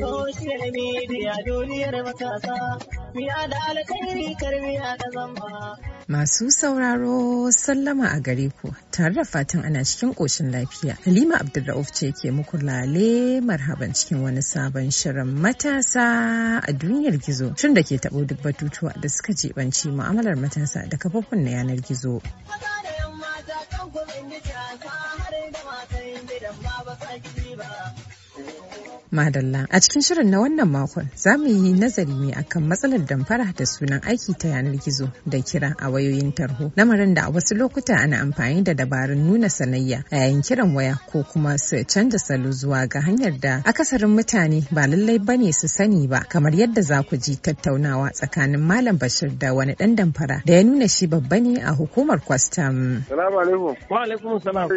Social Masu sauraro sallama a gare ku tare da fatan ana cikin ƙoshin lafiya. Halima Abdulrauf ce ke muku lale marhaban cikin wani sabon shirin matasa a duniyar gizo tun da ke taɓo duk batutuwa da suka jibanci mu'amalar matasa da kafofin na yanar gizo. baka ji Madalla. A cikin shirin na wannan makon za mu yi nazari ne akan matsalar damfara da sunan aiki ta yanar gizo da kira a wayoyin tarho. Lamarin da a wasu lokuta ana amfani da dabarun nuna sanayya a yayin kiran waya ko kuma su canza salo zuwa ga hanyar da akasarin mutane ba lallai bane su sani ba kamar yadda za ku ji tattaunawa tsakanin Malam Bashir da wani ɗan damfara da ya nuna shi babba ne a hukumar kwastam. Salamu alaikum. Wa alaikum salam.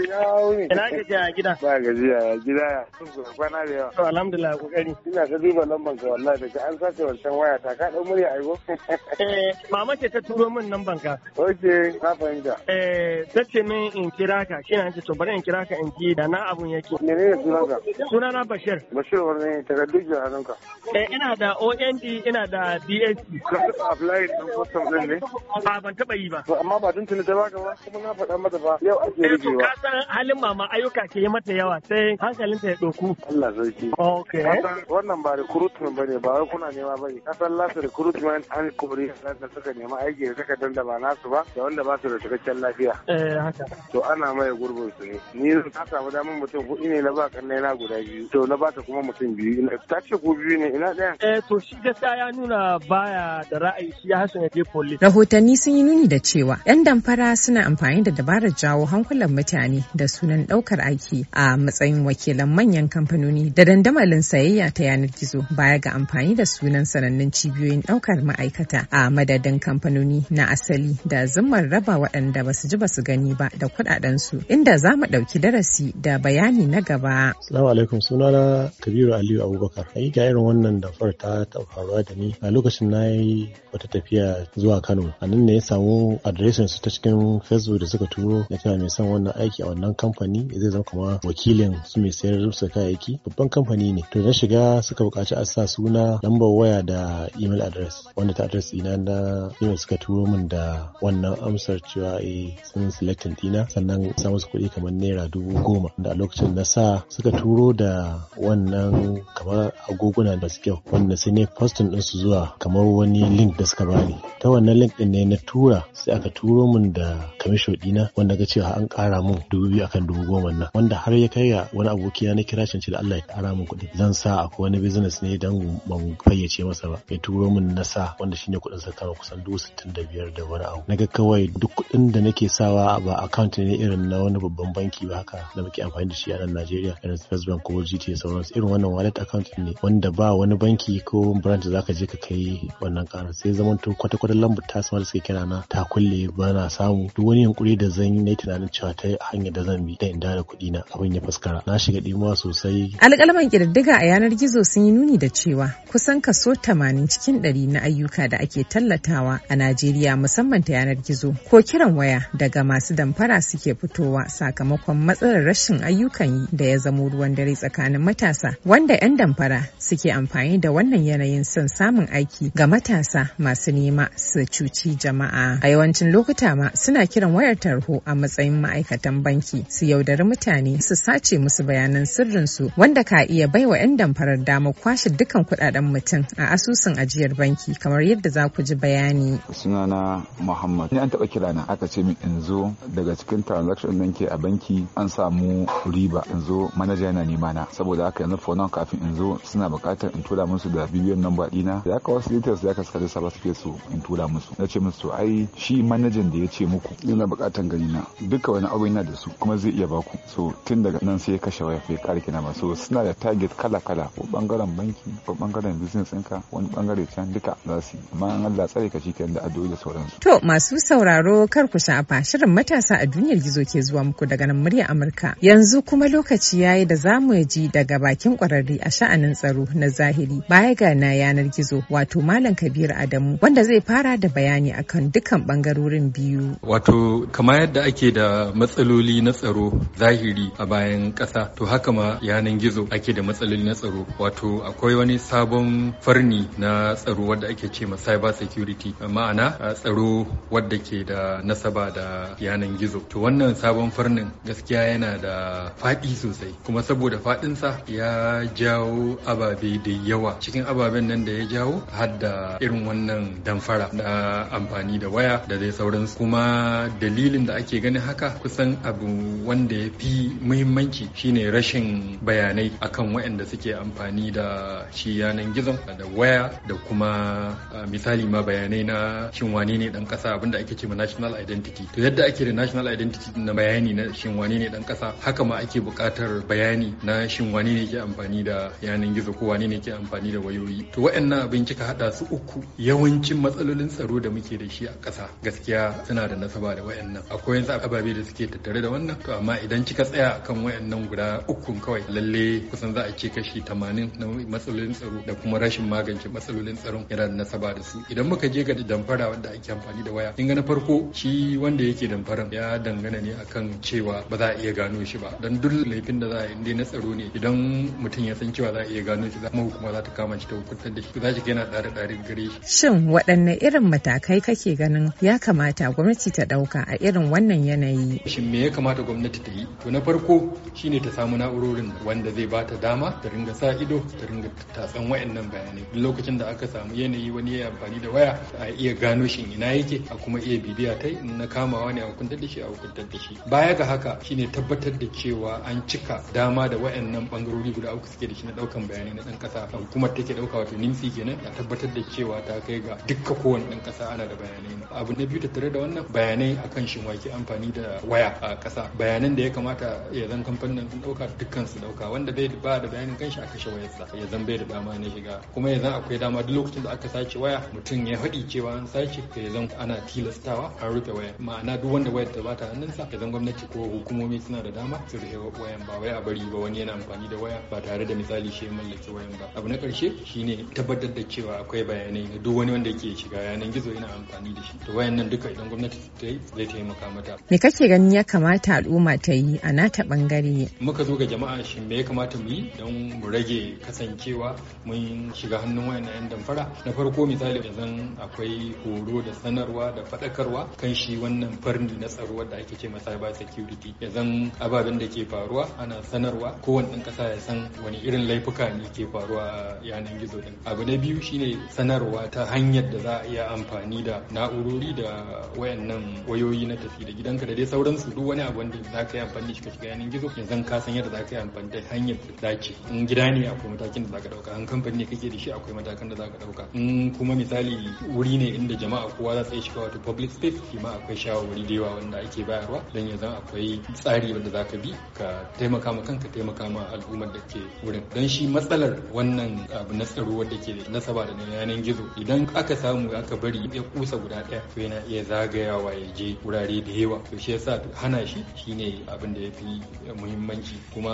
Ina gajiya gida. Ba gajiya gida. Kwana da yawa. alhamdulillah kokari ina ta duba lamban ka wallahi da daga an sace wancan waya ta ka dau murya aigo eh mama ce ta turo min lamban ka oke na fahimta eh tace min in kira ka kina ce to bari in kira ka in ji da na abun yake menene sunan ka na Bashir Bashir wani takardu ji hannun ka eh ina da OND ina da DSC ka apply din custom din ne ba ah, ban taba yi ba amma ba tun tuni ta baka ba kuma na faɗa mata ba yau ake eh, rigewa ka san halin mama ayyuka ke yi mata yawa sai hankalinta ya doku Allah zai sarki oh, Wannan ba recruitment bane ba wai kuna nema bane. Kasan lasu recruitment an kubri da suka nema aiki da suka danda ba nasu ba da wanda ba su da cikakken lafiya. Eh haka. To ana mai gurbin su ne. Ni ta samu damar mutum hudu ne na ba kannai na guda biyu. To na ba ta kuma mutum biyu. Ta ce ko biyu ne ina ɗayan. Eh to shi gaskiya ya nuna baya da ra'ayi shi ya hasan ya je police. Rahotanni sun yi nuni da cewa 'yan damfara suna amfani da dabarar jawo hankulan mutane da sunan ɗaukar aiki a matsayin wakilan manyan kamfanoni da dandamar jadawalin sayayya ta yanar gizo baya ga amfani da sunan sanannun cibiyoyin ɗaukar ma'aikata a madadin kamfanoni na asali da zumar raba waɗanda ba su ji ba su gani ba da kuɗaɗensu inda za mu ɗauki darasi da bayani na gaba. Salamu alaikum sunana Kabiru Aliyu Abubakar. Hakika irin wannan dafar ta faruwa da ni a lokacin na yi wata tafiya zuwa Kano. A nan ne ya samu adireshin su ta cikin Facebook da suka turo na cewa mai son wannan aiki a wannan kamfani zai zama kamar wakilin su mai sayar da kayayyaki babban kamfani ne to na shiga suka buƙaci a sa suna lambar waya da email address wanda ta address ina na email suka turo min da wannan amsar cewa a eh, sun selectin dina sannan sa su kuɗi kamar naira dubu goma da a lokacin na sa suka turo da wannan kamar agoguna da kyau wanda sai ne postin din su zuwa kamar wani link da suka bani ta wannan link din ne na tura sai aka turo min da kamisho dina wanda ga cewa an ƙara mun dubu biyu akan dubu goma nan wanda har ya kai ga wani abokina na kira shi da Allah ya ƙara min kuɗi zan sa akwai wani business ne dan ban fayyace masa ba ya turo min na sa wanda shine kuɗin sa kusan dubu sittin da biyar da wani abu naga kawai duk kuɗin da nake sawa ba account ne irin na wani babban banki ba haka da muke amfani da shi a nan Najeriya irin First Bank ko GT sauransu irin wannan wallet account ne wanda ba wani banki ko branch ka je ka kai wannan karar sai zaman to kwata kwata lambar ta sama da suke kira na ta kulle ba na samu duk wani yunkuri da zan yi na tunanin cewa ta hanyar da zan bi da in da kuɗi na abin ya faskara. na shiga dimuwa sosai alƙalman Diga a yanar gizo sun yi nuni da cewa kusan kaso 80 cikin 100 na ayyuka da ake tallatawa a Najeriya musamman ta yanar gizo ko kiran waya daga masu damfara suke fitowa sakamakon matsalar rashin ayyukan yi da ya zamo ruwan dare tsakanin matasa wanda 'yan damfara suke amfani da wannan yanayin son samun aiki ga matasa masu nema su cuci jama'a. A yawancin lokuta ma suna kiran wayar tarho a matsayin ma'aikatan banki su yaudari mutane su sace musu bayanan sirrinsu wanda ka iya bayyana baiwa 'yan damfarar dama kwashe dukkan kudaden mutum a asusun ajiyar banki kamar yadda za ku ji bayani. Sunana Muhammad. Ni an taba kira na aka ce min in zo daga cikin transaction din ke a banki an samu riba in zo manaja yana nema na saboda haka yanzu fonon kafin in zo suna bukatar in tura musu da bibiyon number ɗina da aka wasu details da aka saka da saba suke so in tura musu. Na ce musu ai shi manajan da ya ce muku yana bukatan gani na duka wani abu yana da su kuma zai iya baku so tun daga nan sai ya kashe waya ya kare kina ba so suna da target kala-kala ko bangaren banki ko bangaren business ɗinka wani bangare can duka za su yi amma an Allah tsare ka shi da addu'o'i da sauransu. To masu sauraro kar ku sha'afa shirin matasa a duniyar gizo ke zuwa muku daga nan murya Amurka. Yanzu kuma lokaci ya yi da za mu ji daga bakin kwararri a sha'anin tsaro na zahiri baya ga na yanar gizo wato Malam Kabiru Adamu wanda zai fara da bayani akan dukkan bangarorin biyu. Wato kamar yadda ake da matsaloli na tsaro zahiri a bayan ƙasa to haka ma yanar gizo ake da matsaloli na tsaro wato akwai wani sabon farni na tsaro wadda ake ce ma cyber security ma'ana tsaro wadda ke da nasaba da yanan gizo to wannan sabon farnin gaskiya yana da faɗi sosai kuma saboda faɗinsa ya jawo ababe da yawa cikin ababen nan da ya jawo har da irin wannan damfara na amfani da waya da dai sauransu kuma dalilin da ake ganin haka kusan abu wanda ya fi muhimmanci shine rashin bayanai akan waɗanda suke amfani da shi yanan gizon da waya da kuma misali ma bayanai na shin wane ne dan kasa abinda ake ce ma national identity to yadda ake da national identity na bayani na shin wane ne dan kasa haka ma ake buƙatar bayani na shin wane ne ke amfani da yanan gizo ko wane ne ke amfani da wayoyi to waɗannan abin kika hada su uku yawancin matsalolin tsaro da muke da shi a ƙasa gaskiya suna da nasaba da waɗannan akwai wasu ababe da suke tattare da wannan to amma idan kika tsaya akan waɗannan guda uku kawai lalle kusan za a ake kashi 80 na matsalolin tsaro da kuma rashin magance matsalolin tsaron yana da nasaba da su idan muka je ga damfara wanda ake amfani da waya In ga na farko shi wanda yake damfaran ya dangana ne akan cewa ba za a iya gano shi ba don duk laifin da za a yi na tsaro ne idan mutum ya san cewa za a iya gano shi kuma hukuma za ta kama shi ta hukuntar da shi za shi yana tsare tsare gare shi shin waɗanne irin matakai kake ganin ya kamata gwamnati ta ɗauka a irin wannan yanayi shin me ya kamata gwamnati ta yi to na farko shine ta samu na'urorin wanda zai ba ta dama dama ta ringa sa ido ta ringa tatsan wayannan bayanai lokacin da aka samu yanayi wani ya amfani da waya a iya gano shin ina yake a kuma iya bibiya ta na kamawa ne a hukuntar da shi a hukuntar da shi baya ga haka shine tabbatar da cewa an cika dama da wayannan bangarori guda uku suke da shi na daukan bayanai na dan kasa hukumar take dauka wato nimsi kenan a tabbatar da cewa ta kai ga dukkan kowane dan kasa ana da bayanai abu na biyu tattare da wannan bayanai akan shin wake amfani da waya a kasa bayanan da ya kamata ya zan kamfanin sun dauka dukkan su dauka wanda bai ba da bayanin kanshi a kashe wayarsa ya zambe da dama na shiga kuma ya akwai dama duk lokacin da aka sace waya mutum ya faɗi cewa an sace ya zan ana tilastawa a rufe waya ma'ana duk wanda wayar ta bata sa. ya zan gwamnati ko hukumomi suna da dama su rufe wayan ba wai a bari ba wani yana amfani da waya ba tare da misali shi ya mallaki wayan ba abu na ƙarshe shine tabbatar da cewa akwai bayanai na duk wani wanda yake shiga yanan gizo yana amfani da shi to wayan nan duka idan gwamnati ta yi zai taimaka mata me kake ganin ya kamata al'umma ta yi a nata bangare muka zo ga jama'a shin me ya kamata mu yi don mu rage kasancewa mun shiga hannun wayannan 'yan damfara na farko misali zan akwai horo da sanarwa da faɗakarwa kan shi wannan farni na tsaro da ake ce masa cyber security zan ababen da ke faruwa ana sanarwa kowane ɗan ƙasa ya san wani irin laifuka ne ke faruwa yanan gizo din abu na biyu shine sanarwa ta hanyar da za a iya amfani da na'urori da wayannan wayoyi na tafi da gidanka da dai sauransu duk wani abu wanda za ka yi amfani da shi ka shiga yanan gizo yanzu ka san yadda za ka yi amfani da hanyar da dace shi in gida ne akwai matakin da zaka dauka in kamfani ne kake da shi akwai matakan da zaka dauka in kuma misali wuri ne inda jama'a kowa za su iya shiga wato public space shi ma akwai shawarwari da yawa wanda ake bayarwa dan ya zan akwai tsari wanda zaka bi ka taimaka ma kanka taimaka ma al'ummar da ke wurin dan shi matsalar wannan abu na tsaro wanda ke nasaba da yanan gizo idan aka samu aka bari ya kusa guda daya to yana iya zagayawa ya je wurare da yawa to shi yasa hana shi shine abin da ya fi muhimmanci kuma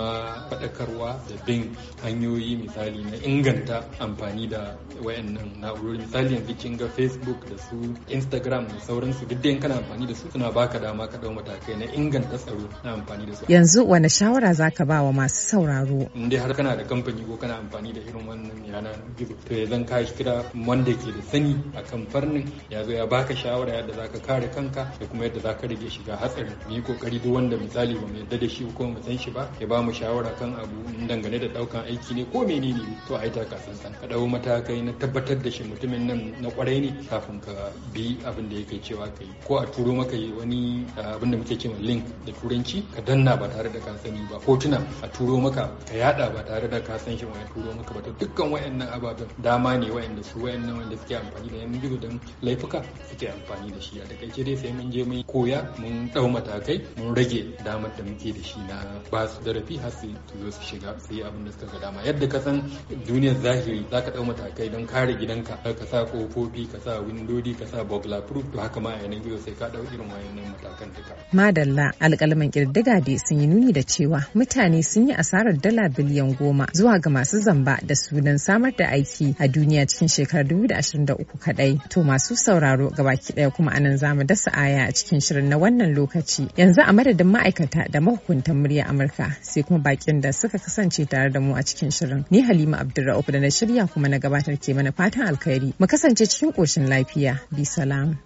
faɗakarwa da bin hanyoyi misali na inganta amfani da wayannan na'urori misali yanzu kin ga facebook da su instagram da sauransu duk da kana amfani da su suna baka dama ka dau matakai na inganta tsaro na amfani da su yanzu wani shawara zaka ba wa masu sauraro in dai har kana da kamfani ko kana amfani da irin wannan yanar gizo to ya zan kashi kira wanda ke da sani akan farnin ya zo ya baka shawara yadda zaka kare kanka da kuma yadda zaka rage shiga hatsari mu yi kokari duk wanda misali ba mu yarda da shi ko mu san shi ba ya ba mu shawara kan abu dangane dangane da daukan aiki ne ko menene ne to a yi taka san ka ɗau matakai na tabbatar da shi mutumin nan na kwarai ne kafin ka bi abin da yake cewa ka ko a turo maka wani abin da muke cewa link da turanci ka danna ba tare da ka sani ba tuna a turo maka ka yada ba tare da ka san shi wani turo maka ba to dukkan wayannan ababen dama ne wayanda su wayannan wanda suke amfani da yanzu gizo laifuka suke amfani da shi a takaice dai sai mun je mun koya mun dau matakai mun rage damar da muke da shi na ba su rafi har su zo su shiga su yi abin da suka ga dama yadda ka san duniyar zahiri za ka ɗau matakai don kare gidanka ka sa kofofi ka sa windodi ka sa burglar proof to haka ma a yana gizo sai ka ɗau irin wayannan matakan duka. madalla alƙalaman ƙirdiga dai sun yi nuni da cewa mutane sun yi asarar dala biliyan goma zuwa ga masu zamba da sunan samar da aiki a duniya cikin shekarar 2023 kaɗai to masu sauraro gabaki ɗaya kuma anan za mu dasa aya a cikin shirin na wannan lokaci yanzu a madadin ma'aikata da mahukuntan murya amurka sai kuma bakin da suka kasance tare da mu a cikin shirin. Ni Halima Abdulra'uf da na shirya kuma na gabatar ke mana fatan alkhairi. Mu kasance cikin koshin lafiya. Bi salam.